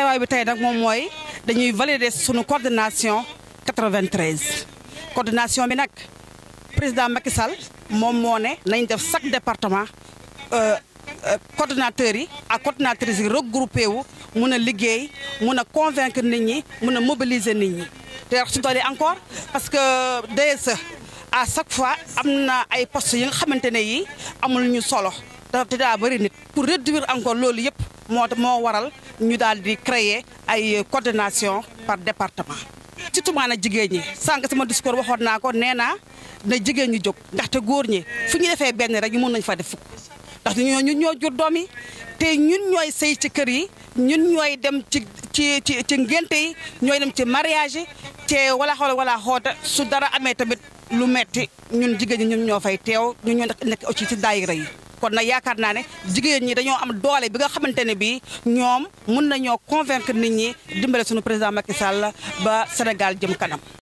teewaay bi tay nak mom moy dañuy valider sunu coordination 93 coordination bi nak président Macky Sall moom moo ne nañ def chaque département euh, euh coordinateur yi à coordinatrice yi regroupé wu mun a liggéey mun a convaincre nit ñi mun a mobiliser nit ñi té wax ci tolé encore parce que euh, DSE à chaque fois amna ay postes yi nga xamantene yi amul ñu solo da da bari nit pour réduire encore lolu yépp moo moo waral ñu daal di créer ay coordination par département. surtout maanaam jigéen ñi sànq sama discours waxoon naa ko nee naa na jigéen ñi jóg ndaxte góor ñi fu ñu defee benn rek mën nañ fa def fukk ndax ñun ñun ñoo jur doom yi te ñun ñooy sëy ci kër yi ñun ñooy dem ci ci ci ci ngénte yi ñooy dem ci mariage yi te wala xool wala xoota su dara amee tamit lu metti ñun jigéen ñi ñun ñoo fay teew ñu ñoo nekk aussi ci daayira yi kon nag yaakaar naa ne jigéen ñi dañoo am doole bi nga xamante ne bii ñoom mun nañoo convaincre nit ñi dimbale suñu président Macky Sall ba Sénégal jëm kanam.